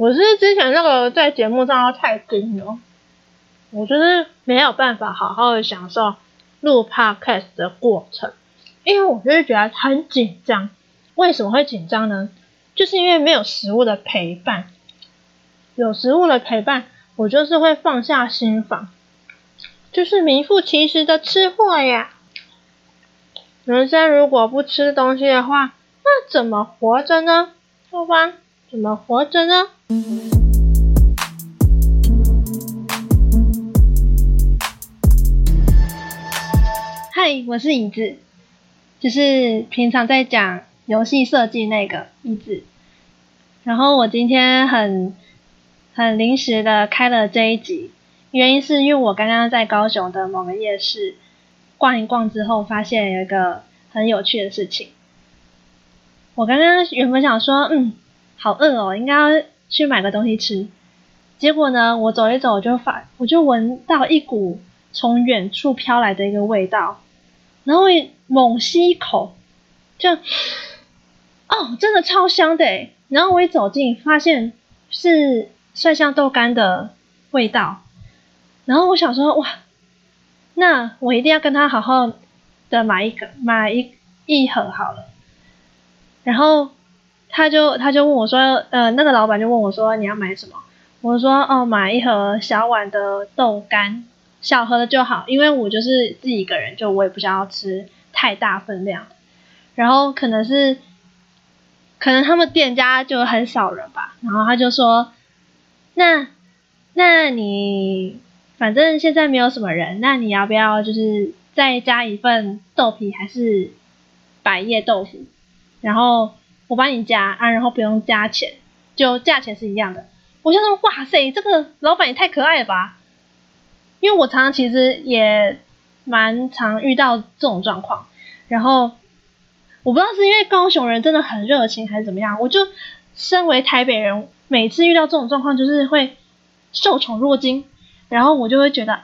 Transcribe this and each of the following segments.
我是之前那個在節目上太盯了，我就是沒有辦法好好的享受錄 podcast 的過程，因為我就是覺得很緊張。為什麼會緊張呢？就是因為沒有食物的陪伴。有食物的陪伴，我就是會放下心防，就是名副其實的吃貨呀。人生如果不吃東西的話，那怎麼活着呢？對吧。怎麼活着呢？嗨，我是椅子，就是平常在講遊戲設計那個椅子。然後我今天很很臨時的開了這一集，原因是因為我剛剛在高雄的某個夜市逛一逛之後，發現有一個很有趣的事情。我剛剛原本想說，嗯。好餓哦，應該要去買個東西吃。結果呢，我走一走就發，我就聞到一股從遠處飄來的一個味道，然後我猛吸一口，就，哦，真的超香的。然後我一走近，發現是蒜香豆乾的味道。然後我想說，哇，那我一定要跟他好好的買一個，買一一盒好了。然後。他就他就問我說，呃，那個老闆就問我說，你要買什麼？我說，哦，買一盒小碗的豆干，小盒的就好，因為我就是自己一個人，就我也不想要吃太大分量。然後可能是，可能他們店家就很少人吧。然後他就說，那那你反正現在沒有什麼人，那你要不要就是再加一份豆皮還是百葉豆腐？然後。我幫你加啊，然後不用加錢，就價錢是一樣的。我就說哇塞，這個老板也太可愛了吧！因為我常常其實也蠻常遇到這種狀況，然後我不知道是因為高雄人真的很熱情還是怎麼樣，我就身為台北人，每次遇到這種狀況就是會受寵若驚，然後我就會覺得啊，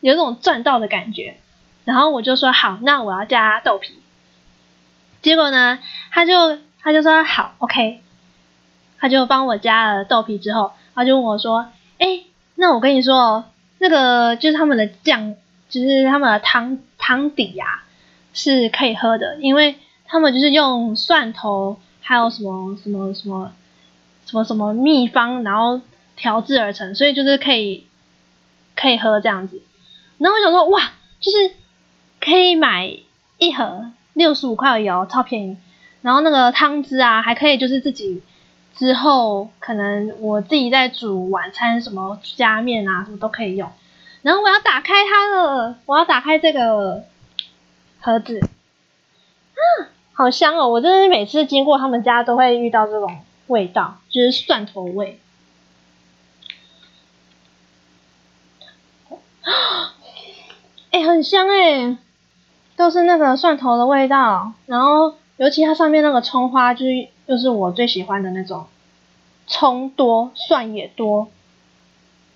有一種賺到的感覺，然後我就說好，那我要加豆皮。結果呢，他就。他就說他好，OK，他就幫我加了豆皮之後，他就問我說：“哎、欸，那我跟你說哦，那個就是他們的醬，就是他們的湯湯底呀、啊，是可以喝的，因為他們就是用蒜頭，還有什麼什麼什麼什麼什麼秘方，然後調制而成，所以就是可以可以喝這樣子。然後我想說，哇，就是可以買一盒六十五塊的油，超便宜。”然後那個湯汁啊，還可以，就是自己之後可能我自己在煮晚餐什麼加麵啊，什麼都可以用。然後我要打開它了，我要打開這個盒子，啊，好香哦！我真的是每次經過他們家都會遇到這種味道，就是蒜頭味。啊，哎，很香哎，都是那個蒜頭的味道，然後。尤其它上面那個蔥花，就是就是我最喜歡的那種，蔥多，蒜也多，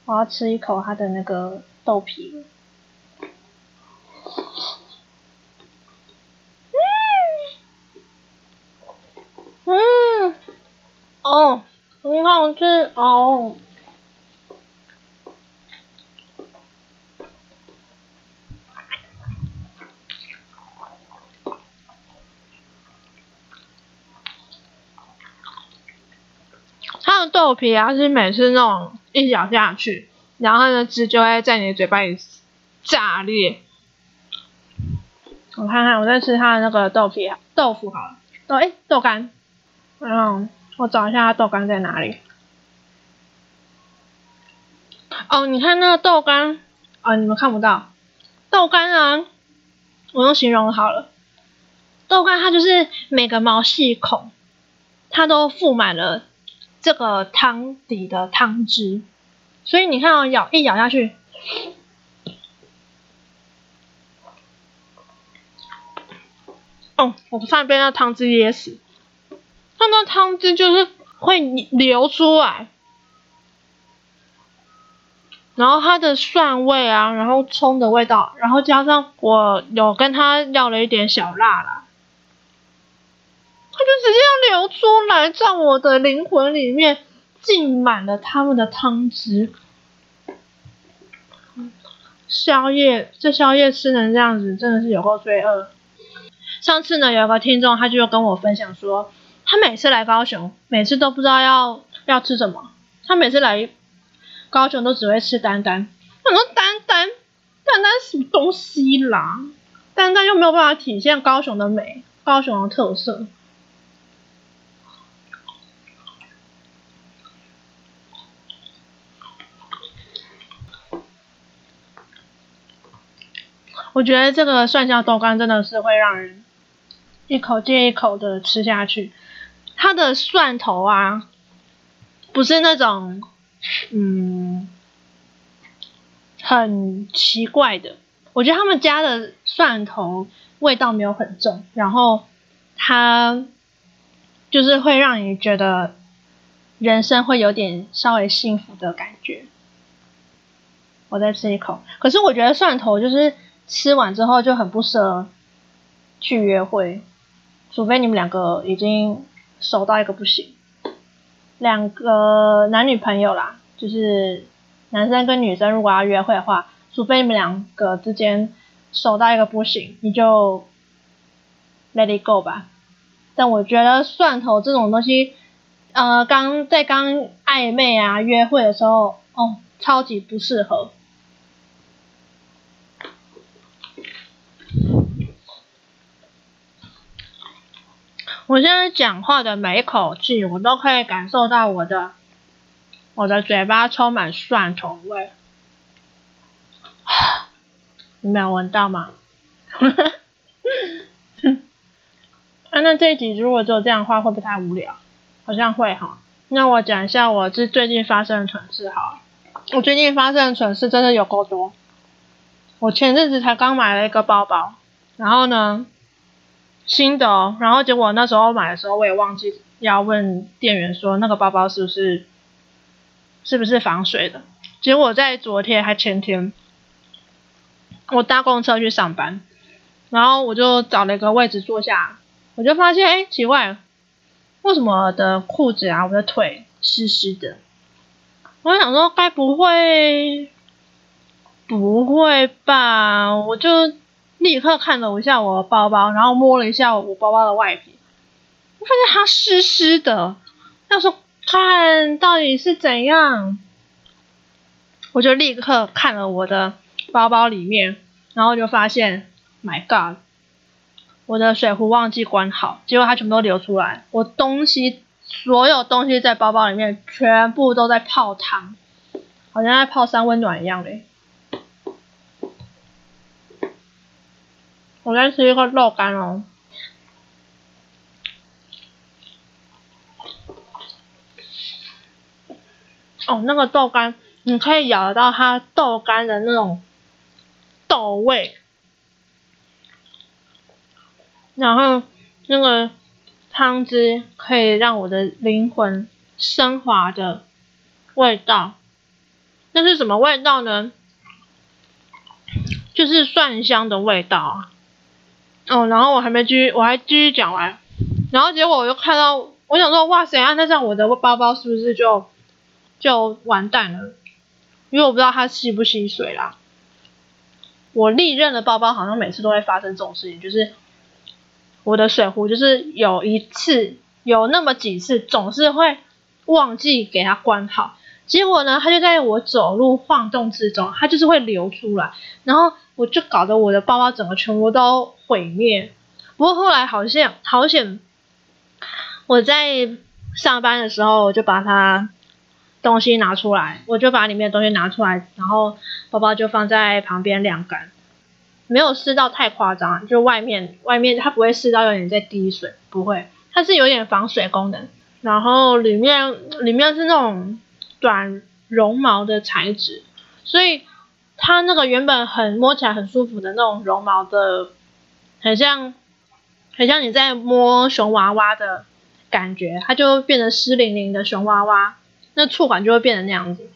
我要吃一口它的那個豆皮。嗯，嗯，哦，很好吃哦。豆皮啊，是每次那種一咬下去，然後呢，汁就會在你的嘴巴裡炸裂。我看看，我在吃它的那個豆皮，豆腐好了，哎豆、欸、豆干，然、嗯、後我找一下它豆干在哪裡。哦，你看那個豆干啊，哦，你們看不到豆干啊，我用形容好了，豆干它就是每個毛細孔，它都覆滿了。這個湯底的湯汁，所以你看啊，咬一咬下去，哦，我不算被那湯汁噎死。那那湯汁就是會流出來，然後它的蒜味啊，然後蔥的味道，然後加上我有跟他要了一點小辣啦。就直接要流出來，在我的靈魂裡面浸滿了他們的湯汁。宵夜這宵夜吃成這樣子，真的是有夠罪惡。上次呢，有一個聽眾他就跟我分享說，他每次來高雄，每次都不知道要要吃什麼。他每次來高雄都只會吃丹丹。很多丹、丹，丹丹是什麼東西啦？丹丹又沒有辦法體現高雄的美，高雄的特色。我覺得這個蒜香豆乾真的是會讓人一口接一口的吃下去，它的蒜頭啊，不是那種嗯，很奇怪的，我覺得他們家的蒜頭味道沒有很重，然後它就是會讓你覺得人生會有點稍微幸福的感覺。我再吃一口，可是我覺得蒜頭就是。吃完之後就很不捨去約會，除非你們兩個已經熟到一個不行。兩個男女朋友啦，就是男生跟女生如果要約會的話，除非你們兩個之間熟到一個不行，你就 let it go 吧。但我覺得蒜頭這種東西，呃，剛在剛曖昧啊，約會的時候，哦，超級不適合。我現在講話的每一口氣，我都可以感受到我的我的嘴巴充滿蒜頭味，你沒有聞到嗎？ 啊，那這一集如果只有這樣的話會不會太無聊，好像會哈。那我講一下我最最近發生的蠢事哈，我最近發生的蠢事真的有夠多，我前陣子才剛買了一個包包，然後呢。新的哦，然後結果那時候買的時候，我也忘記要問店員說那個包包是不是是不是防水的。結果在昨天還前天，我搭公車去上班，然後我就找了一個位置坐下，我就發現哎奇怪，為什麼我的褲子啊，我的腿濕濕的？我就想說該不會不會吧？我就。立刻看了我一下，我的包包，然後摸了一下我包包的外皮，我發現它濕濕的。要說：“看到底是怎樣？”我就立刻看了我的包包裡面，然後就發現，My God，我的水壺忘記關好，結果它全部都流出來。我東西，所有東西在包包裡面，全部都在泡湯，好像在泡三溫暖一樣嘞。我在吃一個豆乾哦。哦，那個豆乾，你可以咬得到它豆乾的那種豆味，然後那個湯汁可以讓我的靈魂升華的味道。那是什麼味道呢？就是蒜香的味道啊。哦，然後我還沒繼續，我還繼續講完，然後結果我就看到，我想說，哇塞啊，那這樣我的包包是不是就就完蛋了？因為我不知道它吸不吸水啦。我歷任的包包好像每次都會發生這種事情，就是我的水壺，就是有一次有那麼幾次，總是會忘記給它關好，結果呢，它就在我走路晃動之中，它就是會流出來，然後。我就搞得我的包包整個全部都毀滅。不過後來好像好險，我在上班的時候，我就把它東西拿出來，我就把裡面的東西拿出來，然後包包就放在旁邊晾乾，沒有濕到太誇張，就外面外面它不會濕到有點在滴水，不會，它是有點防水功能。然後裡面裡面是那種短絨毛的材質，所以。它那個原本很摸起來很舒服的那種絨毛的，很像，很像你在摸熊娃娃的感覺，它就變得濕淋淋的熊娃娃，那觸感就會變得那樣子，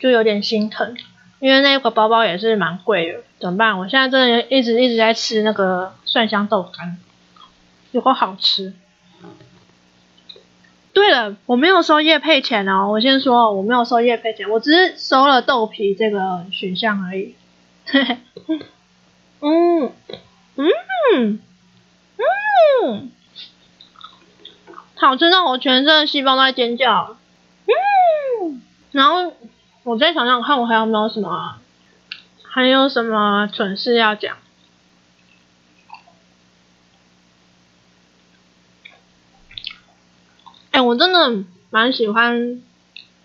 就有點心疼，因為那一個包包也是蠻貴的，怎麼辦？我現在真的一直一直在吃那個蒜香豆乾，有夠好吃。對了，我沒有收業配錢哦，我先說、哦、我沒有收業配錢，我只是收了豆皮這個選項而已。呵呵嗯嗯嗯，好吃到我全身的細胞都在尖叫。嗯，然後我再想想，看我還有沒有什麼，還有什麼蠢事要講。哎、欸，我真的蠻喜歡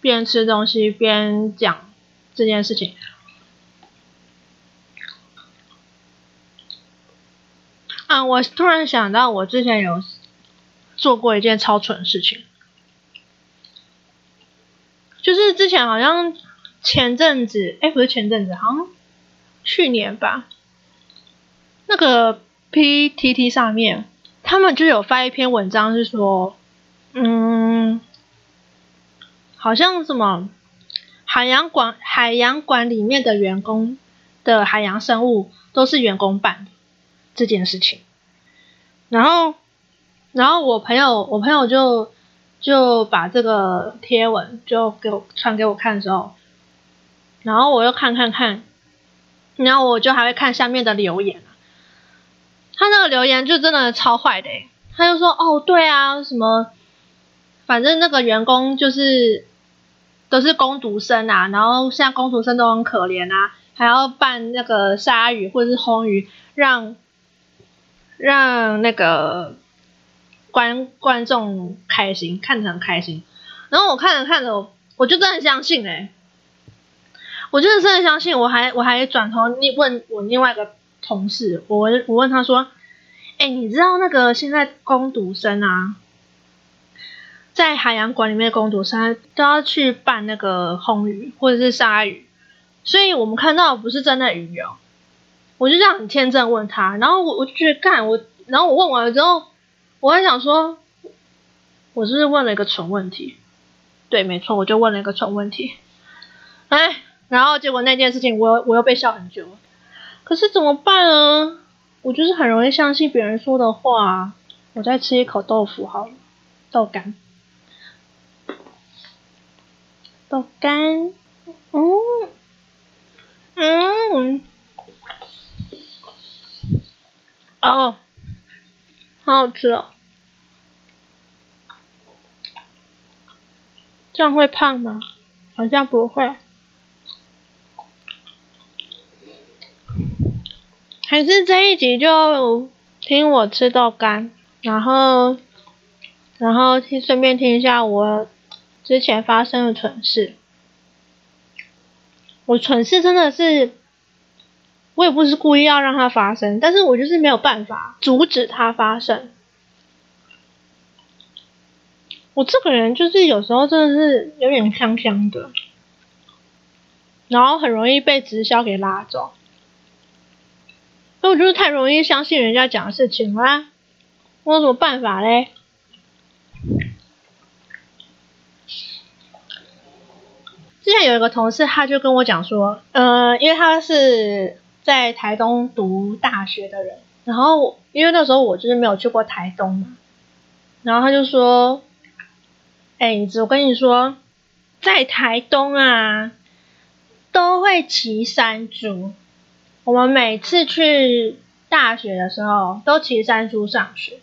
邊吃東西邊講這件事情。啊，我突然想到，我之前有做過一件超蠢的事情，就是之前好像前陣子，哎、欸，不是前陣子，好像去年吧，那個 P T T 上面，他們就有發一篇文章，是說。嗯，好像什麼海洋館海洋館，裡面的員工的海洋生物都是員工扮的這件事情，然後然後我朋友我朋友就就把這個貼文就給我傳給我看的時候，然後我又看看看，然後我就還會看下面的留言，他那個留言就真的超壞的欸，他就說哦對啊什麼。反正那個員工就是都是工讀生啊，然後現在，工讀生都很可憐啊，還要扮那個鯊魚或者是紅魚，讓讓那個觀觀眾開心，看着很開心。然後我看着看着、欸，我就真的相信誒，我真的是相信，我還我還轉頭你問我另外一個同事，我我問他說，哎、欸，你知道那個現在工讀生啊？在海洋館裡面的工讀生，他都要去扮那個魟魚或者是鯊魚，所以我們看到不是真的魚哦。我就這樣很天真問他，然後我我就幹我，然後我問完了之後，我還想說，我是不是問了一個蠢問題？對，沒錯，我就問了一個蠢問題。哎，然後結果那件事情我，我我又被笑很久。可是怎麼辦呢？我就是很容易相信別人說的話。我再吃一口豆腐好了，豆干。豆乾，嗯，嗯，嗯，哦，好好吃哦，這樣會胖嗎？好像不會，還是這一集就聽我吃豆乾，然後，然後去順便聽一下我。之前發生的蠢事，我蠢事真的是，我也不是故意要讓它發生，但是我就是沒有辦法阻止它發生。我這個人就是有時候真的是有點香香的，然後很容易被直銷給拉走，所以我就是太容易相信人家講的事情了啊，我有什麼辦法嘞？有一個同事，他就跟我講說，呃，因為他是在台東讀大學的人，然後因為那時候我就是沒有去過台東嘛，然後他就說，哎、欸，我跟你說，在台東啊，都會騎山豬。我們每次去大學的時候，都騎山豬上學。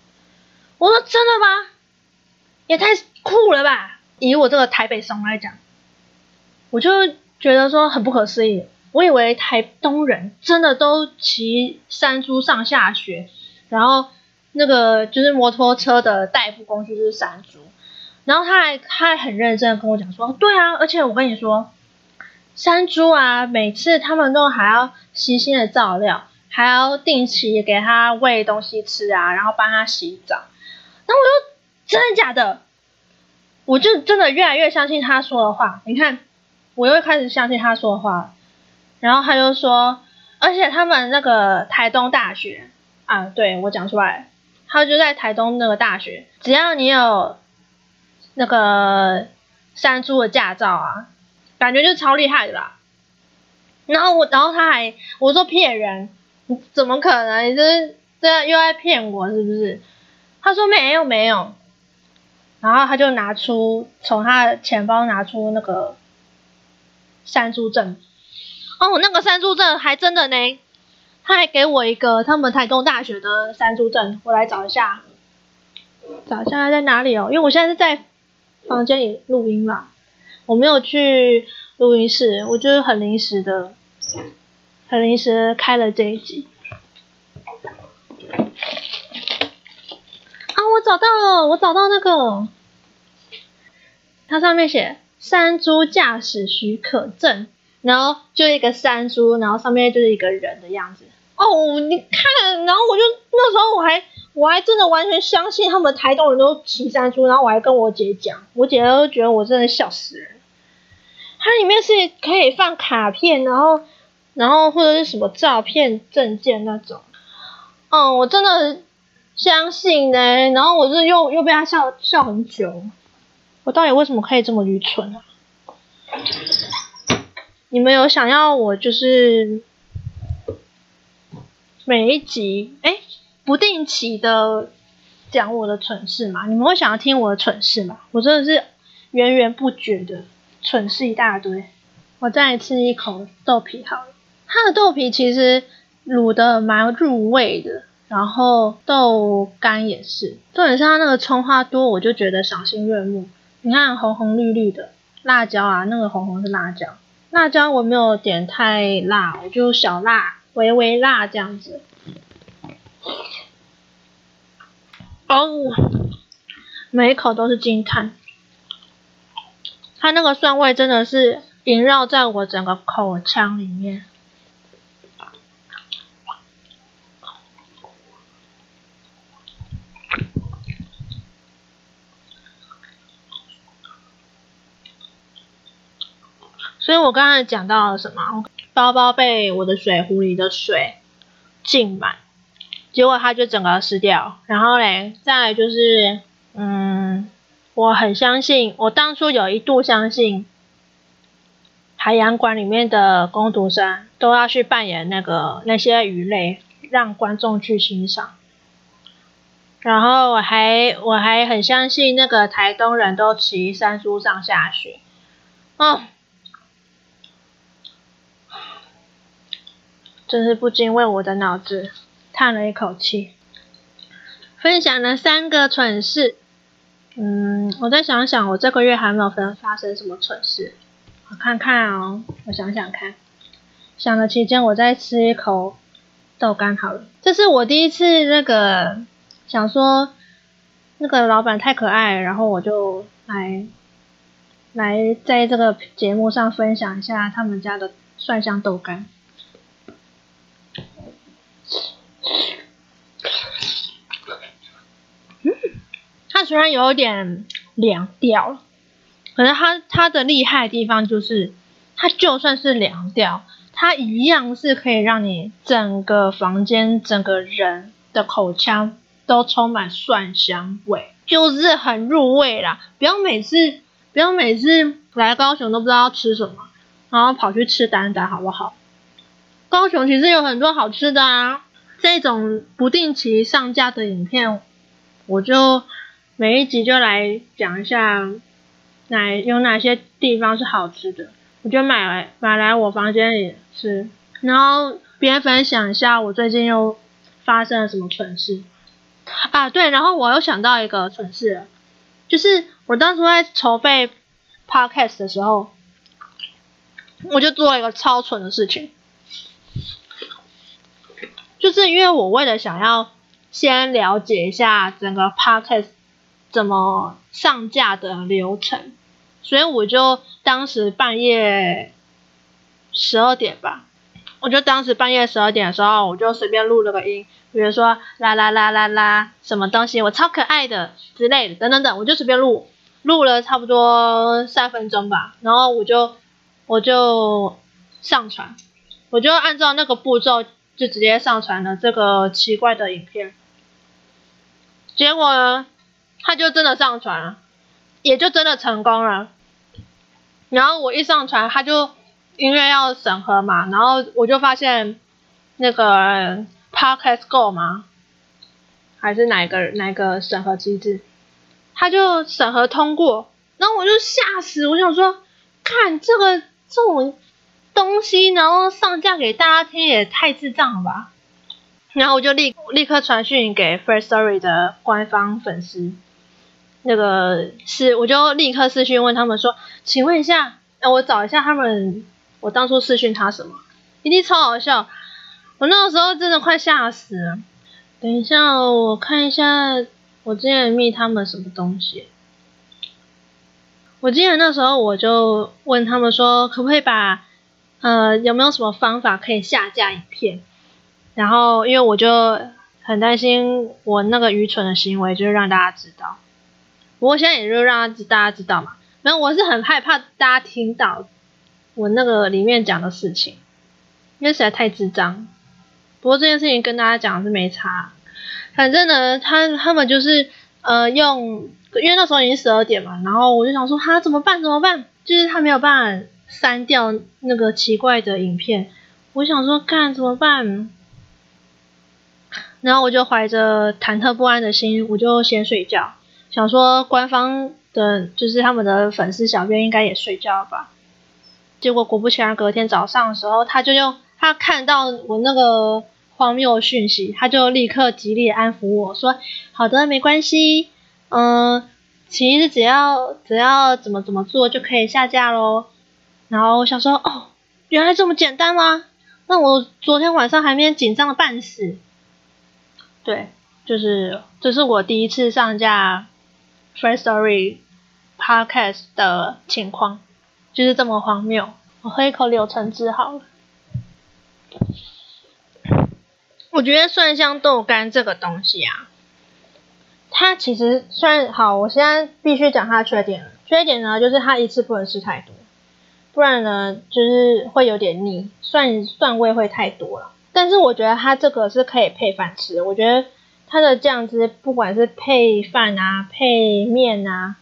我說真的嗎？也太酷了吧！以我這個台北俗來講。我就覺得說很不可思議，我以為台東人真的都騎山豬上下學，然後那個就是摩托車的代步工具就是山豬，然後他還他還很認真的跟我講說，對啊，而且我跟你說，山豬啊，每次他們都還要細心的照料，還要定期給他餵東西吃啊，然後幫他洗澡，然後我就真的假的？我就真的越來越相信他說的話，你看。我又開始相信他說的話，然後他就說，而且他們那個台東大學啊，對我講出來，他就在台東那個大學，只要你有那個山豬的駕照啊，感覺就超厲害的啦。然後我，然後他還我說騙人，怎麼可能？你這是這又在騙我是不是？他說沒有沒有，然後他就拿出從他的錢包拿出那個。山豬證，哦，那個山豬證還真的呢，他還給我一個他們台東大學的山豬證，我來找一下，找一下他在哪裡哦，因為我現在是在房間裡錄音嘛，我沒有去錄音室，我就是很臨時的，很臨時開了這一集，啊，我找到了，我找到那個，它上面寫。山豬駕駛許可證，然後就一個山豬，然後上面就是一個人的樣子。哦，你看，然後我就那時候我還我還真的完全相信他們台東人都騎山豬，然後我還跟我姐講，我姐都覺得我真的笑死人。它裡面是可以放卡片，然後然後或者是什麼照片證件那種。哦，我真的相信呢、欸，然後我就又又被他笑笑很久。我到底為什麼可以這麼愚蠢啊？你們有想要我就是每一集哎、欸、不定期的講我的蠢事嗎？你們會想要聽我的蠢事嗎？我真的是源源不絕的蠢事一大堆。我再吃一口豆皮好了，它的豆皮其實滷得蠻入味的，然後豆乾也是，重點是它那個蔥花多，我就覺得賞心悅目。你看紅紅綠綠的辣椒啊，那個紅紅是辣椒，辣椒我沒有點太辣，我就小辣，微微辣這樣子。哦，每一口都是驚嘆，它那個蒜味真的是縈繞在我整個口腔裡面。所以我剛才講到了什麼？包包被我的水壺裡的水浸滿，結果它就整個濕掉。然後嘞，再來就是，嗯，我很相信，我當初有一度相信，海洋館裡面的工讀生都要去扮演那個那些魚類，讓觀眾去欣賞。然後我還我還很相信那個台東人都騎山豬上下學。哦。真是不禁為我的腦子嘆了一口氣。分享了三個蠢事，嗯，我再想想，我這個月還沒有發生什麼蠢事，我看看哦，我想想看。想的期間，我再吃一口豆乾好了。這是我第一次那個想說那個老板太可愛了，然後我就來來在這個節目上分享一下他們家的蒜香豆乾。它雖然有點涼掉了，可是它它的厲害的地方就是，它就算是涼掉，它一樣是可以讓你整個房間、整個人的口腔都充滿蒜香味，就是很入味啦。不要每次不要每次來高雄都不知道要吃什麼，然後跑去吃丹丹，好不好？高雄其實有很多好吃的啊。這種不定期上架的影片，我就。每一集就來講一下哪，哪有哪些地方是好吃的，我就買來買來我房間裡吃，然後邊分享一下我最近又發生了什麼蠢事啊！對，然後我又想到一個蠢事，就是我當時在籌備 podcast 的時候，我就做了一個超蠢的事情，就是因為我為了想要先了解一下整個 podcast。怎麼上架的流程？所以我就當時半夜十二點吧，我就當時半夜十二點的時候，我就隨便錄了個音，比如說啦啦啦啦啦，什麼東西，我超可愛的之類的，等等等，我就隨便錄，錄了差不多三分鐘吧，然後我就我就上傳，我就按照那個步驟就直接上傳了這個奇怪的影片，結果。他就真的上傳了，也就真的成功了。然後我一上傳，他就因為要審核嘛，然後我就發現那個 Podcast Go 嘛？還是哪個哪個審核機制？他就審核通過，然後我就嚇死，我想說，看這個這種東西，然後上架給大家聽也太智障了吧！然後我就立立刻傳訊給 Firstory 的官方粉絲。那個是，我就立刻私訊問他們說：“請問一下，哎、呃，我找一下他們，我當初私訊他什麼？一定超好笑！我那個時候真的快嚇死了。等一下，我看一下我之前密他們什麼東西。我記得那時候我就問他們說，可不可以把呃有沒有什麼方法可以下架影片？然後因為我就很擔心我那個愚蠢的行為，就是讓大家知道。”不過現在也就讓他知大家知道嘛，然後我是很害怕大家聽到我那個裡面講的事情，因為實在太智障。不過這件事情跟大家講的是沒差，反正呢，他他們就是呃用，因為那時候已經十二點嘛，然後我就想說哈，怎麼辦？怎麼辦？就是他沒有辦法刪掉那個奇怪的影片，我想說幹怎麼辦？然後我就懷着忐忑不安的心，我就先睡覺。想說官方的就是他們的粉絲小編應該也睡覺吧，結果果不其然，隔天早上的時候他就用他看到我那個荒謬訊息，他就立刻極力安撫我說：“好的，沒關係，嗯，其實只要只要怎麼怎麼做就可以下架嘍。”然後我想說：“哦，原來這麼簡單嗎？那我昨天晚上還沒緊張的半死。”對，就是這是我第一次上架。Firstory podcast 的情況就是這麼荒謬。我喝一口柳橙汁好了。我覺得蒜香豆乾這個東西啊，它其實算好，我現在必須講它的缺點了。缺點呢，就是它一次不能吃太多，不然呢就是會有點膩，蒜蒜味會太多了。但是我覺得它這個是可以配飯吃，我覺得。它的醬汁不管是配飯啊、配麵啊，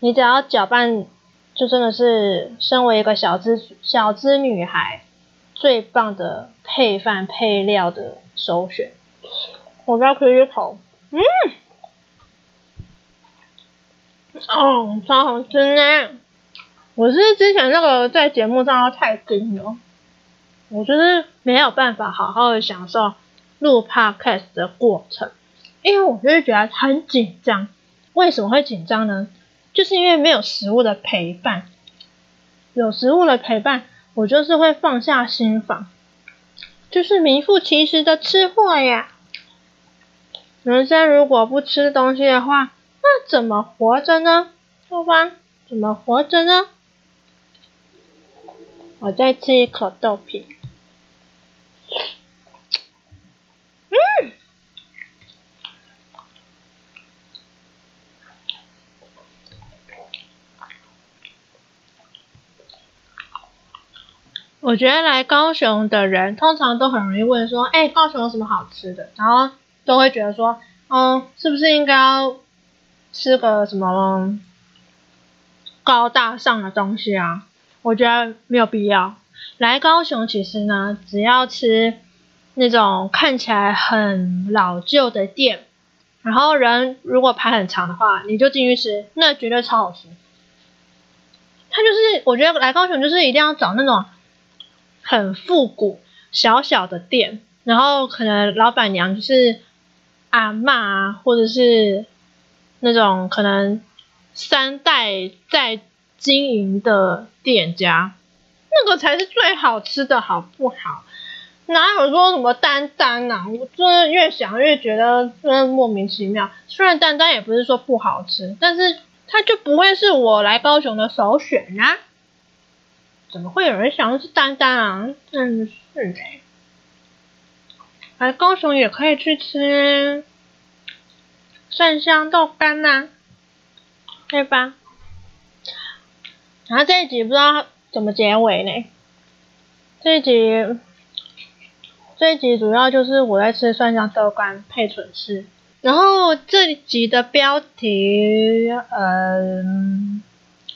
你只要攪拌，就真的是身為一個小資小資女孩，最棒的配飯配料的首選。我不要 c r i 嗯，哦，超好吃呢！我是之前那個在節目上要太緊了，我就是沒有辦法好好的享受。入 podcast 的過程，因為我就是覺得很緊張。為什麼會緊張呢？就是因為沒有食物的陪伴。有食物的陪伴，我就是會放下心防，就是名副其實的吃貨呀。人生如果不吃東西的話，那怎麼活着呢？對吧？怎麼活着呢？我再吃一口豆皮。嗯，我覺得來高雄的人通常都很容易問說，哎、欸，高雄有什麼好吃的？然後都會覺得說，嗯，是不是應該要吃個什麼高大上的東西啊？我覺得沒有必要。來高雄其實呢，只要吃。那種看起來很老舊的店，然後人如果排很長的話，你就進去吃，那絕對超好吃。他就是，我覺得來高雄就是一定要找那種很復古、小小的店，然後可能老闆娘就是阿嬤啊，或者是那種可能三代在經營的店家，那個才是最好吃的，好不好？哪有說什麼丹丹吶？我真的越想越覺得真的莫名其妙。雖然丹丹也不是說不好吃，但是他就不會是我來高雄的首選啊！怎麼會有人想要吃丹丹啊？真是的哎。來高雄也可以去吃蒜香豆干吶、啊，對吧？然後這一集不知道怎麼結尾呢？這一集。這一集主要就是我在吃蒜香豆乾配蠢事，然後這一集的標題，嗯，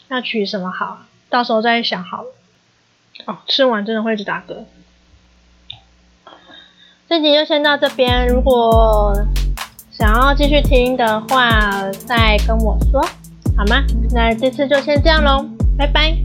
要取什麼好？到時候再想好了。哦，吃完真的會一直打嗝。這一集就先到這邊，如果想要繼續聽的話，再跟我說好嗎？那這次就先這樣嘍，拜拜。